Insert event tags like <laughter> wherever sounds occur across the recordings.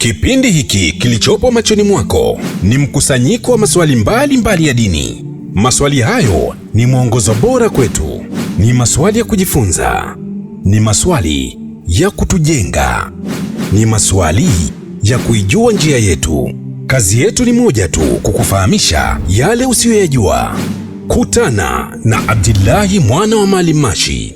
Kipindi hiki kilichopo machoni mwako ni mkusanyiko wa maswali mbalimbali mbali ya dini. Maswali hayo ni mwongozo bora kwetu, ni maswali ya kujifunza, ni maswali ya kutujenga, ni maswali ya kuijua njia yetu. Kazi yetu ni moja tu, kukufahamisha yale usiyoyajua. Kutana na Abdillahi mwana wa Maalim Mashi.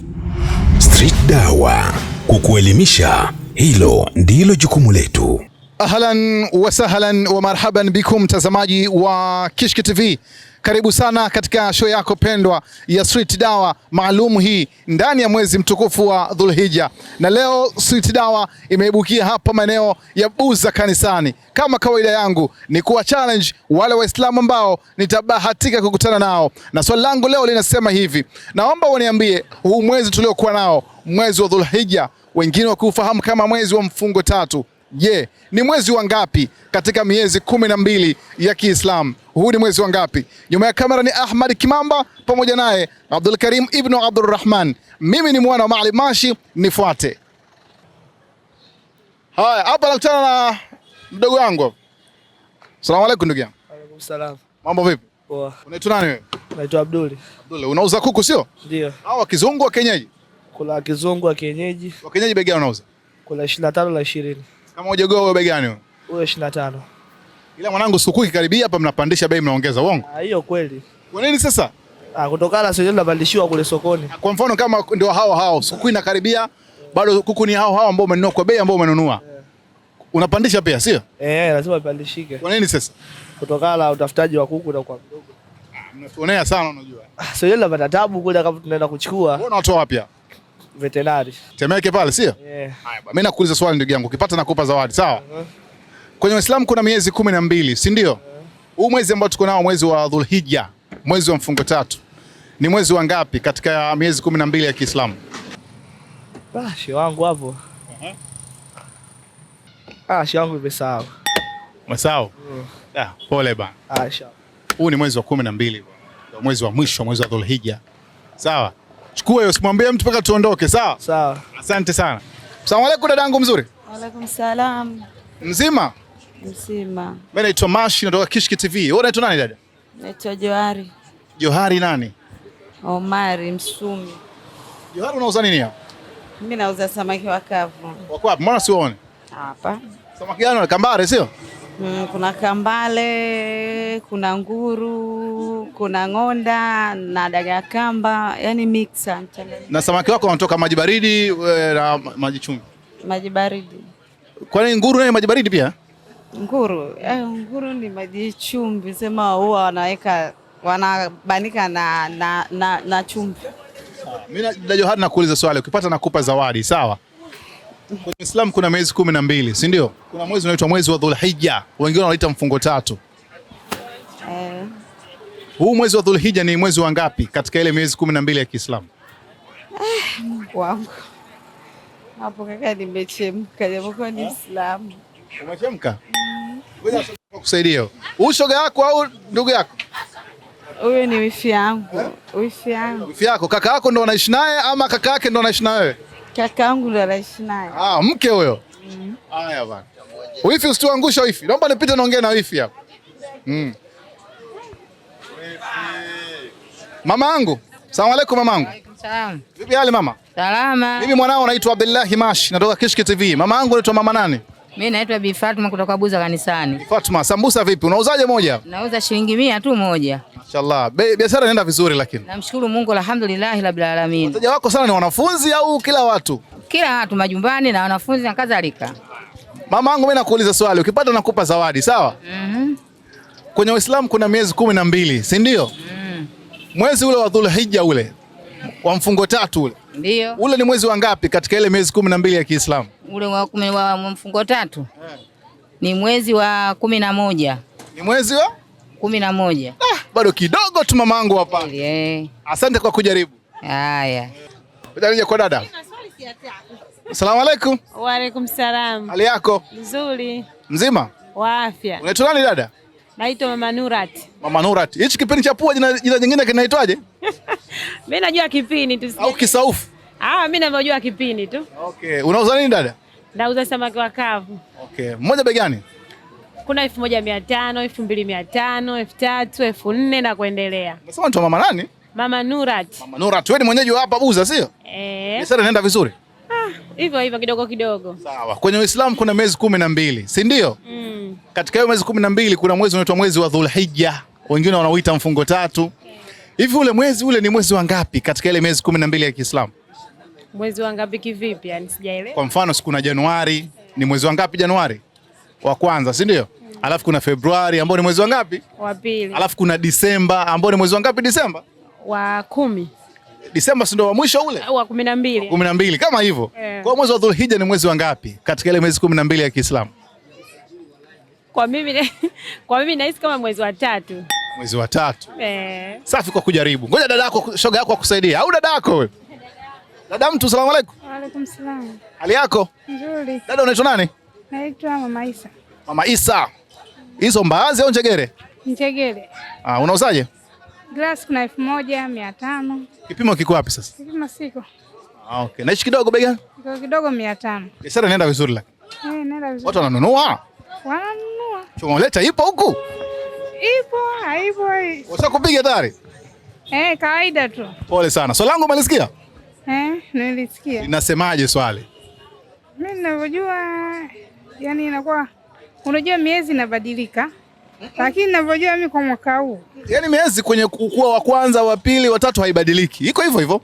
Street Dawa, kukuelimisha, hilo ndilo jukumu letu. Ahlan wa sahlan wa marhaban bikum, mtazamaji wa Kishki TV, karibu sana katika show yako pendwa ya Sweet Dawa maalum hii ndani ya mwezi mtukufu wa Dhulhija, na leo Sweet Dawa imeibukia hapa maeneo ya Buza kanisani. Kama kawaida yangu ni kuwa challenge wale Waislamu ambao nitabahatika kukutana nao, na swali langu leo linasema hivi: naomba uniambie huu mwezi tuliokuwa nao, mwezi wa Dhulhija, wengine wakiufahamu kama mwezi wa mfungo tatu Je, yeah, ni mwezi wa ngapi katika miezi kumi na mbili ya Kiislamu? Huu ni mwezi wa ngapi? Nyuma ya kamera ni Ahmad Kimamba pamoja naye Abdul Karim ibn Abdurrahman. Mimi ni mwana wa Maalim Mashi, nifuate. Haya, hapa nakutana na mdogo wangu. Asalamu alaykum ndugu yangu. Alaykum salaam. Mambo vipi? Poa. Unaitwa nani wewe? Naitwa Abdul. Abdul, unauza kuku sio? Ndio. Hao wa kizungu wa kienyeji? Kula kizungu wa kienyeji. Wa kienyeji bei gani unauza? Kula 25 na 20. Kama ujogoo wewe bei gani? Wewe 25. Ila mwanangu sikukuu ikikaribia hapa mnapandisha bei mnaongeza uongo? Ah, hiyo kweli. Kwa nini sasa? Ah, kutokana sio ndio tunapandishiwa kule sokoni. Kwa mfano kama ndio hao hao sikukuu inakaribia bado kuku ni hao hao ambao umenunua kwa bei ambao umenunua. Unapandisha pia sio? Eh, lazima ipandishike. Kwa nini sasa? Kutokana utafutaji wa kuku utakuwa mdogo. Ah, mnatuonea sana unajua. Ah, sio ndio tunapata tabu kule kama tunaenda kuchukua. Wewe unatoa wapi? veterinary. Temeke pale sio? Yeah. mimi nakuuliza swali ndugu yangu, ukipata nakupa zawadi, sawa? Uh -huh. Kwenye Uislamu kuna miezi kumi na mbili, si ndio? Uh-huh. Huu uh -huh. mwezi ambao tuko nao mwezi wa Dhulhijja, mwezi wa mfungo tatu. Ni mwezi wa ngapi katika miezi kumi na mbili ya Kiislamu? Ah, shi wangu hapo. Uh -huh. Ah, shi wangu imesahau. Umesahau? Mm. Ah, pole bana. Ah, shi. Huu ni mwezi wa kumi na mbili, mwezi wa mwisho, mwezi wa Dhulhijja. Sawa? Chukua hiyo, simwambie mtu mpaka tuondoke, sawa? Sawa. Asante sana. Asalamu alaykum dadangu mzuri. Wa alaykum salam. Mzima? Mzima. Mimi naitwa Mash, natoka Kishki TV. Wewe unaitwa nani dada? Naitwa Johari. Johari nani? Omari Msumi. Johari unauza nini hapa? Mimi nauza samaki wakavu. Wako wapi? Mbona siwaone? Hapa. Samaki gani? Kambare sio? Mm, kuna kambale, kuna nguru, kuna ng'onda na dagaa kamba, yani mixer. Na samaki wako wanatoka maji baridi eh, na maji chumvi? Maji baridi. Kwani nguru naye maji baridi pia? Nguru eh, nguru ni maji chumvi, sema huwa wanaweka wanabanika na, na, na, na chumvi. Mimi na Johari nakuuliza swali, ukipata nakupa zawadi, sawa? Kwenye Uislamu kuna miezi kumi na mbili, si ndio? Kuna mwezi unaitwa mwezi wa Dhulhijja, wengine wanaita mfungo tatu. Eh. Huu mwezi wa Dhulhijja ni mwezi wa ngapi katika ile miezi kumi na mbili ya Kiislamu? Ah, wangu. Hapo kaka ni Umechemka? kusaidia. Huu shoga yako au ndugu yako? Huyu ni wifi yangu. Eh? Wifi yangu. Wifi yako kaka yako ndo anaishi naye ama kaka yake ndo anaishi na wewe? Kaka yangu ndo anaishi naye. Ah, mke huyo. Haya bana. Wifi usituangusha wifi. Naomba nipite naongea na wifi hapa. Mm. Mama yangu. Asalamu alaykum mama yangu. Salamu. Vipi hali mama? Salama. Mimi mwanao naitwa Abdullahi Mash, natoka Kishki TV. Mama yangu anaitwa mama nani? Mimi naitwa Bi Fatuma kutoka Buza kanisani. Fatuma, sambusa vipi? Unauzaje moja? Nauza shilingi mia tu moja. Mashaallah. Biashara inaenda vizuri lakini. Namshukuru Mungu alhamdulillah rabbil alamin. Wateja wako sana ni wanafunzi au kila watu? Kila watu majumbani na wanafunzi na kadhalika. Mama yangu mimi nakuuliza swali, ukipata nakupa zawadi, sawa? Mhm. Mm. Kwenye Uislamu kuna miezi kumi na mbili, si ndio? Mm. Mwezi ule wa Dhulhijja ule wa mfungo tatu ule. Ndio. Ule ni mwezi wa ngapi katika ile miezi kumi na mbili ya Kiislamu? ule wa, kumi wa mfungo tatu Ni mwezi wa kumi na moja ni mwezi wa kumi na moja ah, bado kidogo tu mamangu hapa yeah. Asante kwa kujaribu haya yeah. Kwa dada Asalamu alaikum. Wa alaikum salam. Hali yako? Nzuri. Mzima? Wa afya. Unaitwa nani dada? Naitwa Mama Nurat. Mama Nurat. Hichi kipindi cha pua jina jingine kinaitwaje? Mimi <laughs> najua kipindi tu. Au kisaufu? Ah, mimi najua kipindi tu. Okay. Unauza nini dada? Nauza samaki wa kavu. Okay. Mmoja bei gani? Kuna elfu moja mia tano, elfu mbili mia tano, elfu tatu, elfu nne na kuendelea. Unasema ni mama nani? Mama Nurat. Mama Nurat, wewe ni mwenyeji wa hapa Buza, sio? Eh. Biashara inaenda vizuri? Ah, Hivyo hivyo kidogo kidogo. Sawa. Kwenye Uislamu kuna miezi kumi na mbili, si ndio? Mm. Katika hiyo miezi kumi na mbili kuna mwezi unaitwa mwezi wa Dhulhijja, wengine wanauita mfungo tatu. Hivi okay. ule mwezi ule ni mwezi wa ngapi katika ile miezi kumi na mbili ya Kiislamu? Mwezi wa ngapi kivipi? Yani sijaelewa. Kwa mfano siku na Januari ni mwezi wa ngapi? Januari wa kwanza, si ndio? Mm. Alafu kuna Februari ambao ni mwezi wa ngapi? Wa pili. Alafu kuna Disemba ambao ni mwezi wa ngapi? Disemba wa kumi. Disemba si ndio wa mwisho ule wa kumi na mbili, kumi na mbili kama hivyo yeah. Kwa mwezi wa Dhulhija ni mwezi wa ngapi katika ile mwezi kumi na mbili ya Kiislamu? Kwa mimi <laughs> kwa mimi nahisi kama mwezi wa tatu, mwezi wa tatu eh. Safi kwa kujaribu. Ngoja dada yako shoga yako akusaidie au dada yako wewe Dada mtu, salamu aleikum. Wa aleikum salaam. Hali yako? Nzuri. Dada unaitwa nani? Naitwa Mama Isa. Mama Isa. Hizo mbaazi au njegere? Njegere. Ah, unauzaje? Glass kuna elfu moja mia tano. Kipimo kiko wapi sasa? Kipimo siko. Ah, okay. Naishi kidogo bega? Kiko kidogo mia tano. Biashara inaenda vizuri lakini. Eh, inaenda vizuri. Watu wananunua? Wananunua. Chumoleta ipo huku? Ipo, haipo. Washakupiga tayari? Eh, kawaida tu. Pole sana. Swali langu umelisikia? Eh. Nilisikia. Linasemaje swali? Mimi ninavyojua yani inakuwa unajua miezi inabadilika lakini ninavyojua mimi kwa mwaka huu yani miezi kwenye kukua wa kwanza wa pili wa tatu haibadiliki, iko hivyo hivyo.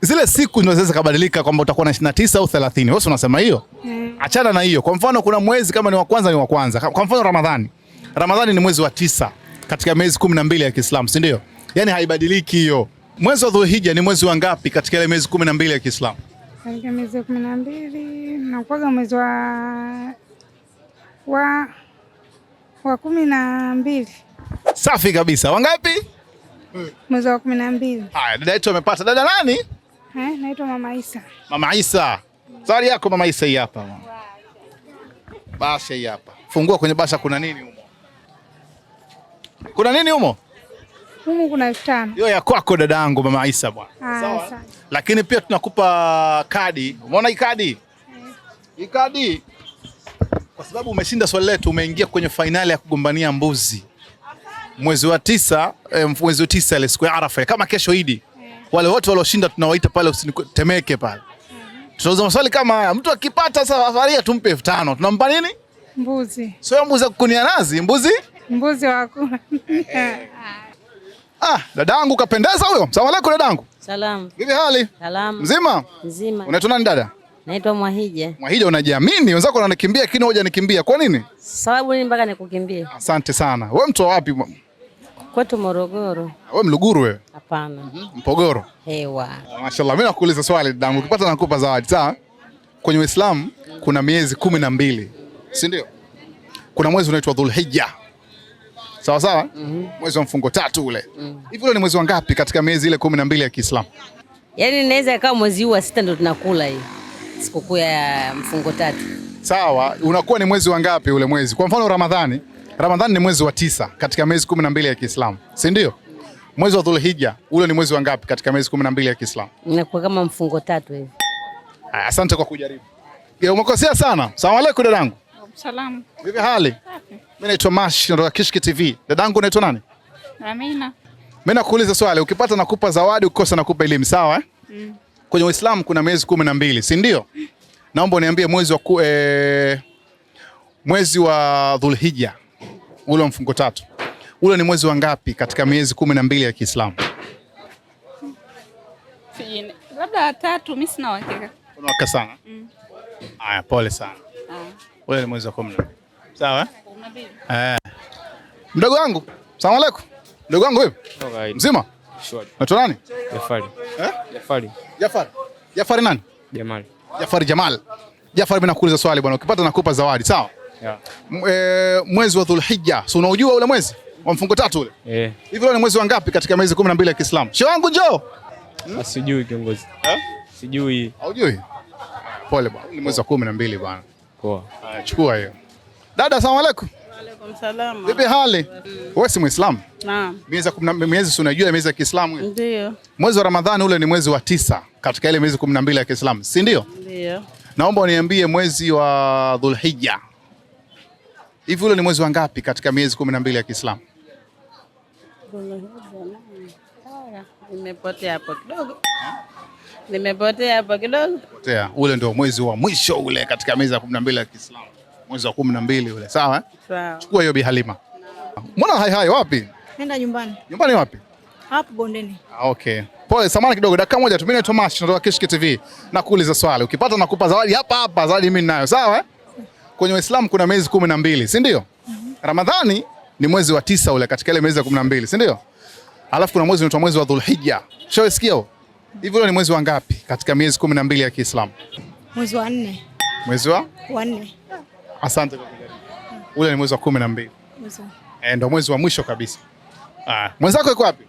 Zile siku ndio zinaweza kubadilika kwamba utakuwa na 29 au 30. Wewe unasema hiyo? Mm. Achana na hiyo. Kwa mfano kuna mwezi kama ni wa kwanza ni wa kwanza. Kwa mfano Ramadhani. Ramadhani ni mwezi wa tisa katika miezi 12 ya Kiislamu, si ndio? Yani haibadiliki hiyo. Mwezi wa Dhulhija ni mwezi wa ngapi katika ile miezi kumi na mbili ya Kiislamu? Katika miezi kumi na mbili nakuwaga mwezi wa wa wa kumi na mbili. Safi kabisa. Wangapi? Mwezi wa kumi na mbili. Haya, dada yetu amepata. Dada nani? Eh, naitwa Mama Isa. Mama Isa. Zawadi yako Mama Isa hii hapa. Basha hii hapa. Fungua kwenye basha kuna nini humo? Kuna nini humo? Humu kuna elfu tano. Hiyo ya kwako dadangu Mama Aisha bwana. Ah, Sawa. Sawa. Lakini pia tunakupa kadi. Umeona hii kadi? Eh. Hii kadi. Kwa sababu umeshinda swali letu, umeingia kwenye fainali ya kugombania mbuzi mwezi wa tisa, eh, mwezi wa tisa ile siku ya Arafa kama kesho Idi. Eh. Wale wote walioshinda tunawaita pale usini Temeke pale. Mm-hmm. Tutauza maswali kama haya. Mtu akipata safari tumpe elfu tano. Tunampa nini? Mbuzi. Sio mbuzi ya kukunia nazi, mbuzi? Mbuzi wako. Eh. <laughs> Ah. Ah, dadangu kapendeza huyo. Salamu alaikum dadangu. Salamu. Vipi hali? Salamu. Mzima? Mzima. Unaitwa nani dada? Naitwa Mwahija. Mwahija, unajiamini? Wenzako wananikimbia lakini hoja nikimbia. Kwa nini? Sababu nini mpaka nikukimbie? Asante sana. Wewe mtu wa wapi? Kwetu Morogoro. Wewe Mluguru wewe? Hapana. Mm-hmm. Mpogoro. Hewa. Ah, Mashaallah. Mimi nakuuliza swali dadangu, ukipata nakupa zawadi, sawa? Kwenye Uislamu kuna miezi kumi na mbili. Si ndio? Kuna mwezi unaitwa Dhulhijja sawa sawa, mm -hmm. mwezi wa mfungo tatu ule mhm. hivi mm -hmm. ule ni mwezi wa ngapi katika miezi ile kumi na mbili ya Kiislamu? Yani inaweza ikawa mwezi huu wa sita ndo tunakula hii sikukuu ya mfungo tatu. Sawa, unakuwa ni mwezi wa ngapi ule mwezi? Kwa mfano Ramadhani, Ramadhani ni mwezi wa tisa katika miezi kumi na mbili ya Kiislamu, si ndio? Mwezi wa Dhulhijja ule ni mwezi wa ngapi katika miezi kumi na mbili ya Kiislamu? Inakuwa kama mfungo tatu hivi. Asante kwa kujaribu. Umekosea sana. Salamu aleikum dadangu. Salamu. Vipi hali? Mimi naitwa Mash kutoka Kishki TV. Dadangu unaitwa nani? Amina. Mimi nakuuliza swali, ukipata nakupa zawadi, ukikosa nakupa elimu, sawa eh? Mm. Kwenye Uislamu kuna miezi kumi na mbili, si ndio? Naomba uniambie mwezi wa ku, eh, mwezi wa Dhulhijja ule mfungo tatu ule ni mwezi wa ngapi katika miezi kumi na mbili ya Kiislamu? Labda tatu, mimi sina uhakika. Unaweka sana? Mm. Aya, pole sana. Ule ni mwezi wa kumi na mbili. Sawa? Eh? Eh. Mdogo wangu, salamu aleikum. Mdogo wangu wewe? Mzima? Shwari. Unaitwa nani? Jafari. Eh? Jafari. Jafari. Jafari nani? Jamal. Jafari Jamal. Jafari, mimi nakuuliza swali bwana, ukipata nakupa zawadi, sawa? Yeah. Eh, mwezi wa Dhulhijja, si unaujua ule mwezi wa mfungo tatu ule? Eh. Hivi leo ni mwezi wa ngapi katika miezi 12 ya Kiislamu? Shehe wangu njoo. Hmm? Ah, sijui kiongozi. Eh? Sijui. Haujui? Pole bwana. Ni mwezi wa 12 bwana. Poa. Chukua hiyo. Dada, asalamu alaykum. Waalaikum salaam. Vipi hali? Mm. Wewe si Muislamu? Naam. Miezi kumi na miezi si unajua miezi ya Kiislamu Ndio. Mwezi wa Ramadhani ule ni mwezi wa tisa katika ile miezi 12 ya Kiislamu, si ndio? Ndio. Naomba uniambie mwezi wa Dhulhijja. Hivi ule ni mwezi wa ngapi katika miezi 12 ya Kiislamu? Nimepotea hapo kidogo. Nimepotea hapo kidogo. Ule ndio mwezi wa mwisho ule katika miezi ya 12 ya Kiislamu mwezi wa kumi na mbili ule, sawa? Sawa. Chukua hiyo Bi Halima. Mbona hai hai wapi? Nenda nyumbani. Nyumbani wapi? Hapo bondeni. Ah, okay. Pole, samani kidogo, dakika moja tu. Mimi naitwa Mash, natoka Kishki TV. na Nakuuliza swali. Ukipata nakupa zawadi hapa hapa, zawadi mimi ninayo, sawa? Eh? Kwenye Uislamu kuna miezi kumi na mbili, si ndio? Mm -hmm. Ramadhani ni mwezi wa tisa ule katika ile mwezi ya kumi na mbili, si ndio? Alafu kuna mwezi unaitwa mwezi wa Dhulhijja. Shawesikia Hivi ule ni mwezi wa ngapi katika miezi kumi na mbili ya Kiislamu? Mwezi wa nne. Mwezi wa? Wa nne. Asante kwa kujaribu. Ule ni mwezi wa kumi na mbili eh, ndo mwezi wa mwisho kabisa. Ah, mwenzako yuko wapi?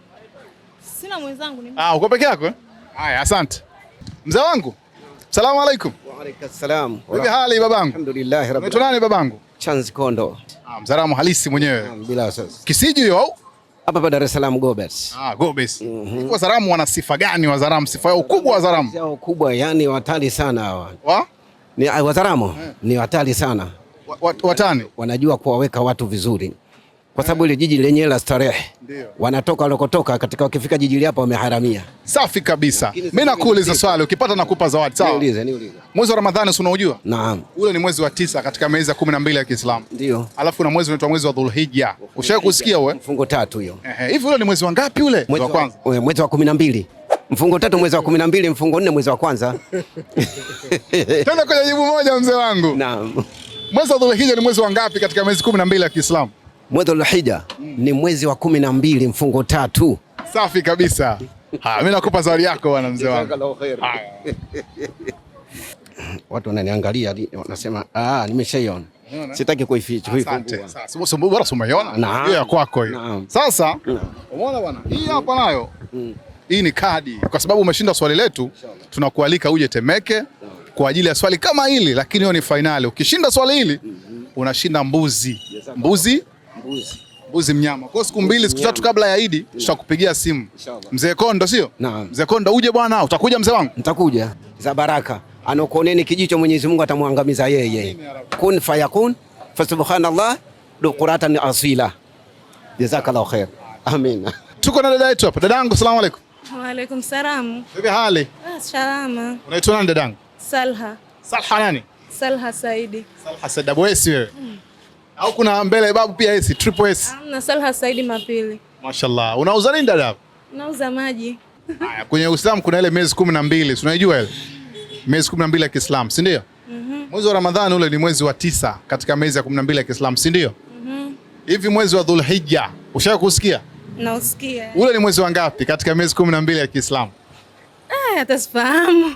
Sina mwenzangu ni. Ah, uko peke yako? Eh? Haya, asante. Mzee wangu. Salamu alaikum. Wa alaikum salam. Vipi hali babangu? Alhamdulillah rabbi. Mtu nani babangu? Chanzi Kondo. Ah, Mzaramo halisi mwenyewe. Bila sasa. Kisiji hiyo au? Hapa pa Dar es Salaam Gobes. Ah, Gobes. Mm -hmm. Kwa Zaramu wana sifa gani wa Zaramu? Sifa yao kubwa wa Zaramu. Yao kubwa yani watali sana hawa. Wa? Ni wa Zaramu. Eh. Ni watali sana wat, watani wanajua kuwaweka watu vizuri kwa sababu ile jiji lenyewe la starehe wanatoka walokotoka, katika wakifika jiji hapa wameharamia. Safi kabisa. Mimi nakuuliza swali, ukipata nakupa zawadi, sawa? Niulize, niulize. Mwezi wa Ramadhani si unaujua? Naam. Ule ni mwezi wa tisa katika miezi ya 12 ya Kiislamu. Ndio. Alafu kuna mwezi unaitwa mwezi wa Dhulhijja. Ushawahi kusikia wewe? Mfungo tatu hiyo. Ehe. Hivi ule ni mwezi wa ngapi ule? Mwezi wa kwanza. Mwezi wa 12. Mfungo tatu mwezi wa 12, mfungo nne mwezi wa kwanza. Tena kwa jibu moja mzee wangu. Naam. Mwezi wa Dhulhija ni mwezi wa ngapi katika miezi kumi na mbili ya Kiislamu? Mwezi wa Dhulhija ni mwezi wa kumi na mbili mfungo tatu. Safi kabisa. Ha, mimi nakupa zawadi yako bwana mzee wangu. <laughs> Watu wananiangalia wanasema ah, nimeshaiona. Sitaki kuificha. Bora umeiona? hiyo ya kwako hiyo. Sasa umeona bwana, hii hapa nayo mm. hii ni kadi, kwa sababu umeshinda swali letu, tunakualika uje Temeke kwa ajili ya swali kama hili, lakini hiyo ni fainali. Ukishinda swali hili mm -hmm. unashinda mbuzi mbuzi mbuzi mbuzi mnyama. Kwa siku mbili siku tatu kabla ya Idi tutakupigia simu mzee Kondo, sio mzee Kondo, uje bwana, utakuja mzee wangu? Nitakuja za baraka, anakuoneni kijicho Mwenyezi Mungu atamwangamiza yeye. Kun fayakun fasubhanallah dukuratan asila. Jazakallahu khair, amin. Tuko na dada yetu hapa. Dadangu, salamu alaykum. Wa alaykum salam. Vipi hali? Ah, salama. Unaitwa nani dadangu? Salha. Salha nani? Salha Saidi. Salha Saidi. Double S wewe. Mm. Au kuna mbele babu pia S, triple S. Na Salha Saidi Mapili. Mashallah. Unauza nini dada? Unauza maji. Haya, kwenye Uislamu kuna ile miezi 12, unajua ile? Miezi 12 ya Kiislamu, si ndio? Mhm. Mwezi wa Ramadhani ule ni mwezi wa tisa katika miezi ya 12 ya Kiislamu, si ndio? Mhm. Hivi mwezi wa Dhulhijja, ushawahi kusikia? Nausikia. Ule ni mwezi wa ngapi katika miezi 12 ya Kiislamu? hata sifahamu.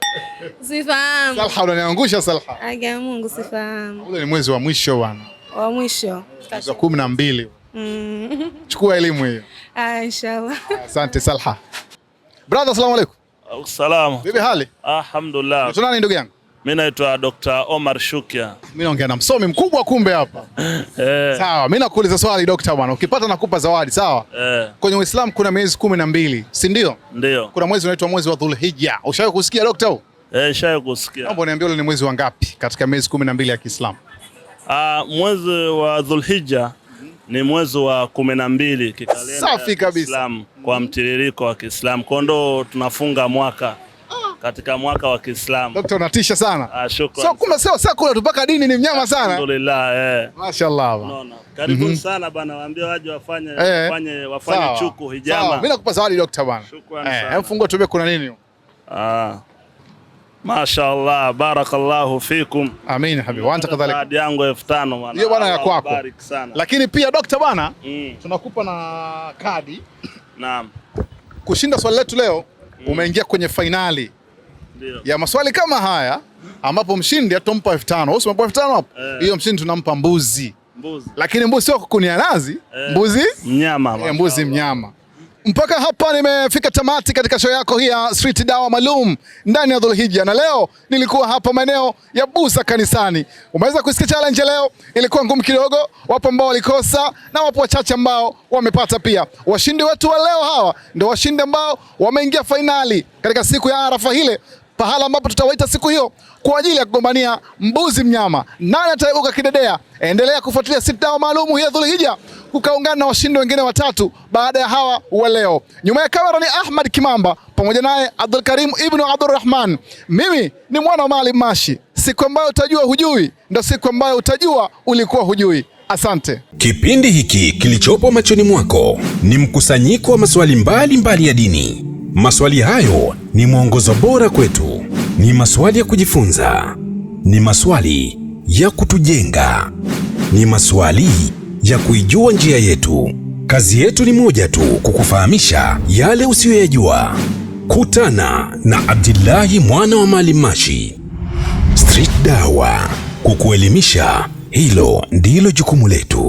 <laughs> Sifahamu. Salha unaniangusha Salha. Aga Mungu sifahamu. Ule ni mwezi wa mwisho bwana. Wa mwisho. Mwezi wa kumi na mbili. Mm. Chukua elimu hiyo. Ah, inshallah. Asante Salha. Brother, asalamu alaykum. Salamu. Bibi hali? Alhamdulillah. Tunani ndugu yangu? Mimi naitwa Dr. Omar Shukia. Mimi naongea na msomi mkubwa kumbe hapa. <laughs> Eh. Sawa, mimi nakuuliza swali Dr. bwana. Ukipata nakupa zawadi, sawa? Eh. Kwenye Uislamu kuna miezi kumi na mbili, si ndio? Ndio. Kuna mwezi unaitwa mwezi wa Dhulhijja. Ushawahi kusikia Dr.? Eh, shawahi kusikia. Naomba niambie ule ni mwezi wa ngapi katika miezi kumi na mbili ya Kiislamu? Ah, mwezi wa Dhulhijja ni mwezi wa kumi na mbili kikalenda ya kwa mtiririko wa Kiislamu. Kwa ndo tunafunga mwaka katika mwaka wa Kiislamu. Dokta, unatisha sana. Ah, shukrani. So kumbe sio sasa kula tu mpaka dini ni mnyama sana. Alhamdulillah, eh. Mashaallah. No, no. Karibu mm -hmm. sana bana, waambie waje wafanye eh, wafanye wafanye sawa, chuku hijama. Sawa. Mimi nakupa zawadi dokta bana. Shukrani eh, sana. Hebu fungua tube kuna nini? Ah. Mashaallah, barakallahu fikum. Amin habibi. Wa anta kadhalika. Zawadi yangu 5000 bana. Hiyo bana ya kwako. Lakini pia dokta bana, mm. tunakupa na kadi. Naam. Kushinda swali letu leo, mm. umeingia kwenye fainali ya maswali kama haya ambapo mshindi atompa elfu tano usimpa elfu tano hapo eh. hiyo, mshindi tunampa mbuzi. Mbuzi lakini mbuzi sio kukunia nazi eh, mbuzi mnyama, e, mbuzi mnyama. Mpaka hapa nimefika tamati katika show yako hii ya Street Dawa maalum ndani ya Dhulhijja, na leo nilikuwa hapa maeneo ya Busa kanisani. Umeweza kusikia challenge leo, ilikuwa ngumu kidogo, wapo ambao walikosa na wapo wachache ambao wamepata pia. Washindi wetu wa leo hawa ndio washindi ambao wameingia fainali katika siku ya Arafa ile pahala ambapo tutawaita siku hiyo kwa ajili ya kugombania mbuzi mnyama. Nani ataibuka kidedea? Endelea kufuatilia sitao maalumu ya Dhulhijja kukaungana na washindi wengine watatu baada ya hawa wa leo. Nyuma ya kamera ni Ahmad Kimamba pamoja naye Abdul Karim ibnu Abdurrahman. Mimi ni mwana wa Maalim Mashi. Siku ambayo utajua hujui ndio siku ambayo utajua ulikuwa hujui. Asante. Kipindi hiki kilichopo machoni mwako ni mkusanyiko wa maswali mbalimbali mbali ya dini. Maswali hayo ni mwongozo bora kwetu, ni maswali ya kujifunza, ni maswali ya kutujenga, ni maswali ya kuijua njia yetu. Kazi yetu ni moja tu, kukufahamisha yale usiyoyajua. Kutana na Abdillahi mwana wa Maalim Mashi. Street Dawa, kukuelimisha, hilo ndilo jukumu letu.